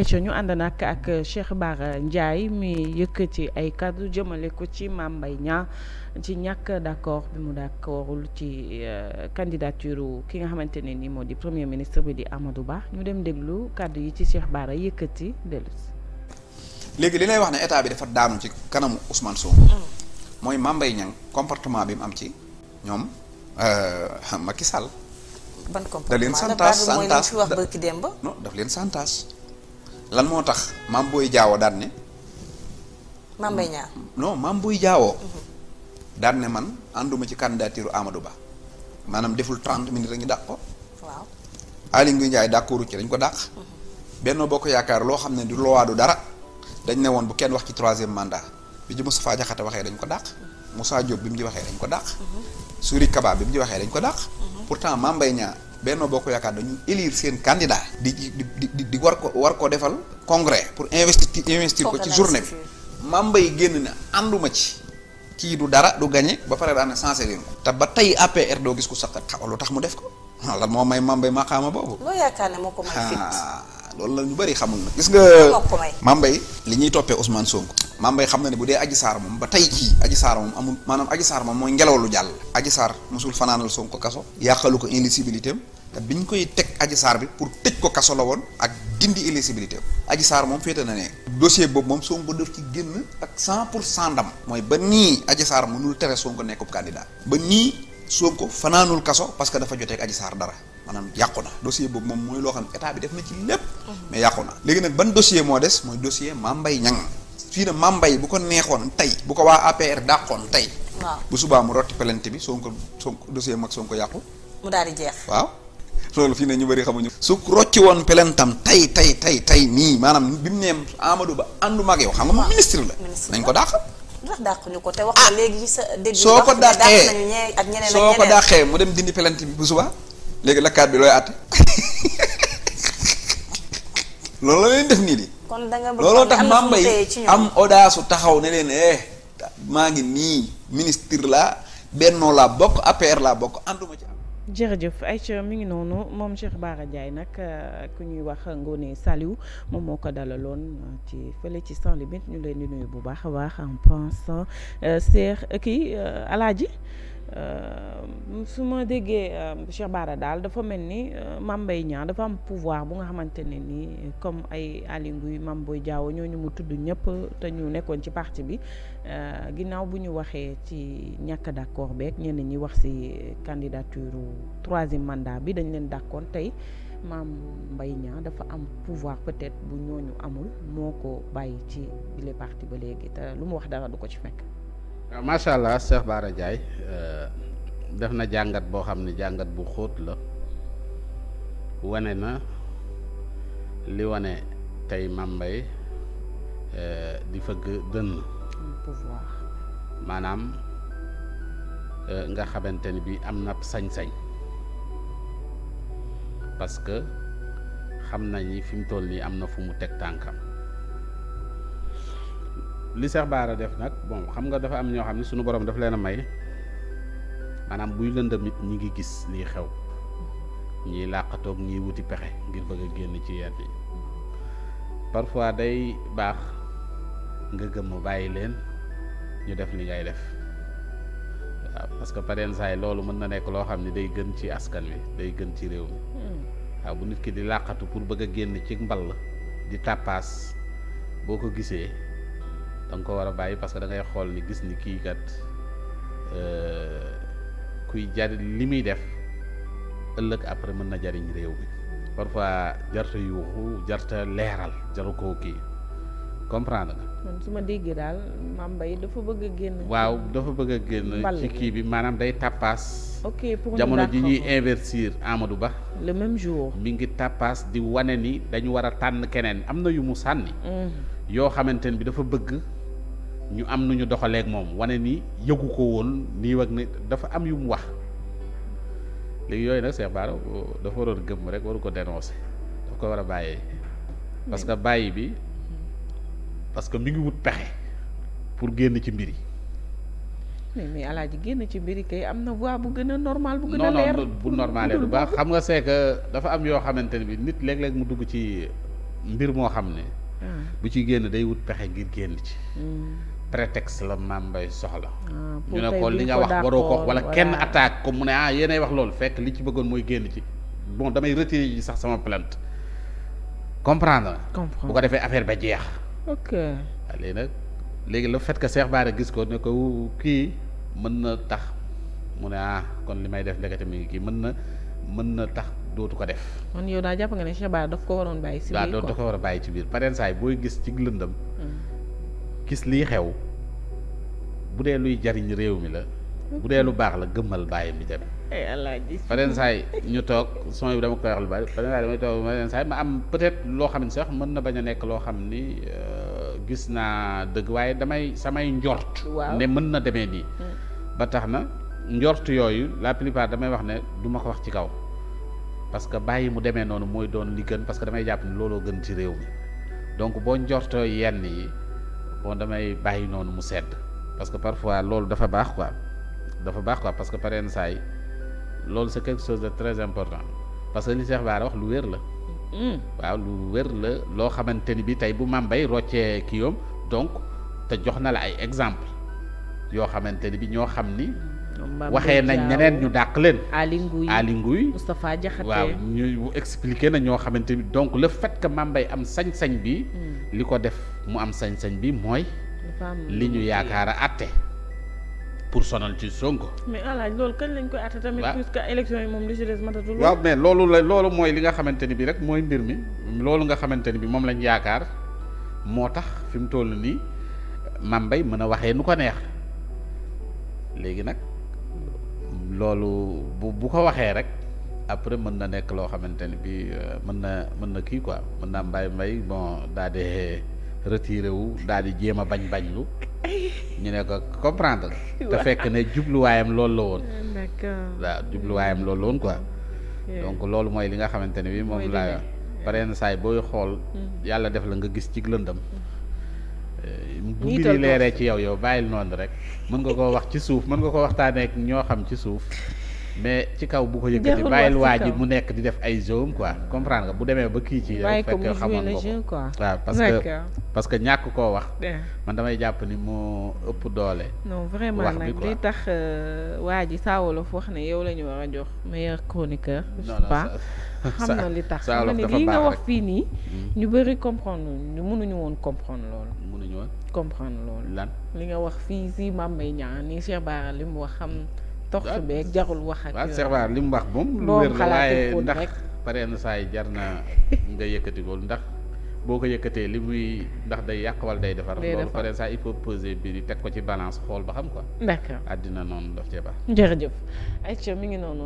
ayca ñu ànd nag ak Cheikh Bara Ndiaye mi yëkkati ay kàddu jëmale ko ci Mame Mbaye ci ñàkk d'accord bi mu d'accordul ci euh, candidature ki nga xamante ne ni moo di premier ministre bi di Amadou Ba ñu dem déglu kàddu yi ci Cheikh Bara yëkkati dellusi léegi li lay wax ne état bi dafa daanu ci kanamu Ousmane Sonko mm. mooy Mame Mbaye Niang comportement bi mu am ci ñoom euh, Macky Sall. ban comportement da leen santaas santaas non daf leen santaas lan moo tax maam booy jaawoo daan ne. maam bay ñaar non maam buy jaawoo. daan ne man ànduma ci candidature Amadou Ba maanaam deful 30 minutes rek ñu dàq ko. waaw Aly Ngouille Ndiaye d'accord ci dañ ko dàq. Mhm. Benno Bokk Yaakaar loo xam ne du lowaadu dara dañ ne woon bu kenn wax ci troisième mandat bi ci faa jaxate waxee dañ ko dàq. Moussa Diop bi mu ci waxee dañ ko dàq. Mhm. Souri Kaba bi mu ci waxee dañ ko dàq. Mhm. pourtant maam bay ñaar. Benno Bokk Yaakaar dañu élire seen candidat di di di di war ko war ko defal congrès pour investir investir ko ci journée bi mamba yi génn na ànduma ci kii du dara du gagné ba pare daana sensé leen ko te ba tey APR doo gis ko sax lu tax mu def ko ah, lan moo may mambay maqaama boobu loo yaakaar ne moo ah, loolu la ñu bëri xamul na gis nga mambay li ñuy toppee Ousmane Sonko maam bay xam na ne bu dee aji saar moom ba tey ci aji saar moom amul maanaam aji saar moom mooy ngelaw lu jàll aji saar mosul fanaanal Sonko kaso yàqalu ko inéligibilité am te biñ koy teg aji saar bi pour tëj ko kaso la woon ak dindi éligibilité aji saar moom féete na ne dossier boobu moom soo Sonko def ci génn ak san pour cent ndam mooy ba nii aji saar mënul tere Sonko nekkub candidat ba nii Sonko fanaanul kaso parce que dafa joteeg aji saar dara maanaam yàqu na dossier boobu moom mooy loo xam état bi def na ci lépp mhm. mais yàqu na léegi nag ban dossier moo des mooy dossier Mame Mbaye Niang fii na mambay bu ko neexoon tey bu ko waa APR dàqoon tey. waaw bu subaa mu rotti plainte bi Sonko Sonko dossier mag Sonko yàqu. mu daal di jeex. waaw loolu fii ne ñu bëri xamuñu. su rocci woon pelentam tey tey tey tey nii maanaam bi mu nee Amadou Ba àndu mag yow xam nga moom ministre la. nañ ko dàq. ndax dàq ñu ko te ah! wax sa. soo ko dàqee ak ak soo ko dàqee mu dem dindi plainte bi bu subaa léegi lakkaat bi looy àtte loolu la leen def nii di. kon da nga bëgg looloo tax Mame Mbaye am audace taxaw ne leen eh maa ngi nii ministre la bennoo laa bokk APR laa bokk ànduma ci am. jërëjëf Aïcha mi ngi noonu moom Cheikh Bara Ndiaye nag euh, ku ñuy wax Ngoné saliw moom moo ko dalaloon euh, ci fële ci sans limite ñu leen di nuyu bu baax a baax en pensant euh, Cheikh kii Alaaji Euh, su ma déggee euh, Cheikh daal dafa mel ni euh, Mame Mbaye Niang dafa am pouvoir bu nga xamante ne nii comme ay Aly Ngouille Mame Boye ñoo ñu mu tudd ñëpp te ñu nekkoon ci parti bi ginnaaw bu ñu waxee ci ñàkk d' accord beeg ñenn ñi wax si candidature troisième mandat bi dañ leen d' accord tey Mame Mbaye dafa am pouvoir peut-être bu ñooñu amul moo ko bàyyi ci bile parti ba léegi te lu mu wax dara du ko ci fekk. waaw allah Cheikh Bara Ndiaye euh, def na jàngat boo xam ne jàngat bu xóot la wane na li wane tey mambay euh, di fëgg dënn maanaam euh, nga xamante ni bi am na sañ-sañ parce que xam nañi fi mu toll nii am na fu mu teg tànkam li Cheikh Baara def nag bon xam nga dafa am ñoo xam ne suñu borom daf leen a may maanaam buy lëndëm it ñi ngi gis liy xew ñiy làqatoog ñiy wuti pexe ngir bëgg a génn ci yenn yi parfois day baax nga gëmm bàyyi leen ñu def li ngay def waaw parce que pareen saay loolu mën na nekk loo xam ne day gën ci askan wi day gën ci réew mi hmm. waaw bu nit ki di làqatu pour bëgg a génn ci mball di tàppaas boo ko gisee da ko war a bàyyi parce que da ngay xool ni gis ni kii kat euh, kuy jariñ li muy def ëllëg après mën na jariñ réew mi parfois jarta yuuxu jarta leeral jaru koo kii comprendre nga. man su ma déggee daal Mame Mbaye dafa bëgg a génn. waaw dafa bëgg génn ci kii bi maanaam day tappaas. ok jamono ji ñuy invertir Amadou Ba. le jour. mi ngi tappaas di wane ni dañu war a tànn keneen am na yu mu sànni. Mm. yoo xamante bi dafa bëgg. ñu am nu ñu moom wane ni yëgu ko woon nii wag ne dafa am yu mu wax léegi yooyu nag Cheikh Bara dafa gëm rek waru ko dénoncer daf ko war a bàyyee parce que bàyyi bi parce que mi ngi pexe pour génn ci mbir yi mais mais génn ci mbiri kay am na voie bu gën normal bu gën a leer non non bu baax xam nga c'est dafa am yoo xamante ne bi nit léeg-léeg mu dugg ci mbir moo xam ne ah. bu ci génn day wut pexe ngir génn ci hmm. prétexte la Mame Mbaye soxla. Ah, ñu ne ko li nga wax waroo ko wala kenn attaque ko mu ne ah yéenay wax loolu fekk li ci bëggoon mooy génn ci bon damay retirer yi sax sama plainte comprendre bu ko defee affaire ba jeex. ok waaw léegi nag léegi le fait que Cheikh Bara gis ko ne ko kii mën na tax mu ne ah kon li may def ndekete mi ngi kii mën na mën na tax dootu ko def. man yow daa jàpp nga ne Cheikh Bara daf ko waroon bàyyi. ci biir ko waaw daf war a bàyyi ci biir pareen saay booy gis ci lëndam. Hmm. gis lii xew bu dee luy jariñ réew mi la bu dee lu baax la gëmmal bàyyi mi dem faneen saay ñu toog son bi dama koy wax lu bari faneen ma am peut-être loo xam ne sax mën na bañ a nekk loo xam ni euh, gis naa dëgg waaye damay samay njort ne mën na demee nii mm. ba tax na njort yooyu la plupart damay wax ne du ma ko wax ci kaw parce que bàyyi mu demee noonu mooy doon li gën parce damay jàpp ni looloo gën ci réew mi donc boo njortoo yenn yi bon damay bàyyi noonu mu sedd parce que parfois loolu dafa baax quoi dafa baax quoi parce que pareen saa yi loolu c'est quelque chose de très important parce que li Cheikh Bara wax lu wér la. Mm. waaw lu la loo xamante ni bi tey bu Mame Mbaye roccee kii yoom donc te jox na la ay exemple yoo xamante ni bi ñoo xam ni. waxee nañ ñeneen ñu dàq leen. Aly Ngouille Aly Ngouille Moustapha Diakhaté na ñoo xamante ni donc le fait que am sañ-sañ bi. Mm. li ko def. mu am sañ-sañ bi mooy. li ñu yaakaar a àtte pour sonal ci son mais alaaj loolu kañ lañ koy àtte tamit. puisque élection yi moom li ci des matatul. waaw mais loolu la loolu mooy li nga xamante ni bi rek mooy mbir mi loolu nga xamante ni bi moom lañ yaakaar moo tax fi mu toll nii mbay mën a waxee nu ko neex léegi nag loolu bu bu ko waxee rek après mën na nekk loo xamante ni bi euh, mën na mën na kii quoi mën na mbay mbay bon daa dee retiré wu daal di jéem a bañ bañ lu ñu ne ko comprendre da fekk ne jubluwaayam loolu la woon waaw jubluwaayam loolu la woon quoi donc loolu mooy li nga xamante ne bi moom laa pare na saay booy xool mm-hmm. yàlla def la nga gis ci lëndam mm-hmm. eh, bu mbiri leeree ci yow yow bàyyil noonu rek mën nga koo wax ci suuf mën nga ko waxtaanee ak ñoo xam ci suuf mais ci kaw bu ko yëkkati bàyyil waa ji mu nekk di def ay jom quoi comprendre nga bu demee ba kii ci yow fekk xamoon nga ko waaw parce que parce que ñàkk koo wax eh. man damay jàpp ni moo ëpp doole non vraiment nag li tax euh, waa ji saawolof wax ne yow la ñu war a jox meilleur chroniqueur je sais pas xam na li tax xam na ne lii nga wax fii nii hmm. ñu bëri comprendre ñu mënuñu woon comprendre loolu mënuñu woon comprendre loolu lan li nga wax fii si Mame Mbaye Niang nii Cheikh li mu wax xam tox beeg jarul wax ak. waaw Cheikh li mu wax moom. lu wér la waaye ndax pare na saa yi jar na nga yëkkati loolu ndax boo ko yëkkatee li muy ndax day yàq wal day defar. day defar loolu pare saa il faut poser mbir yi teg ko ci balance xool ba xam quoi. d'accord àddina noonu daf cee baax. jërëjëf ayca mi ngi noonu.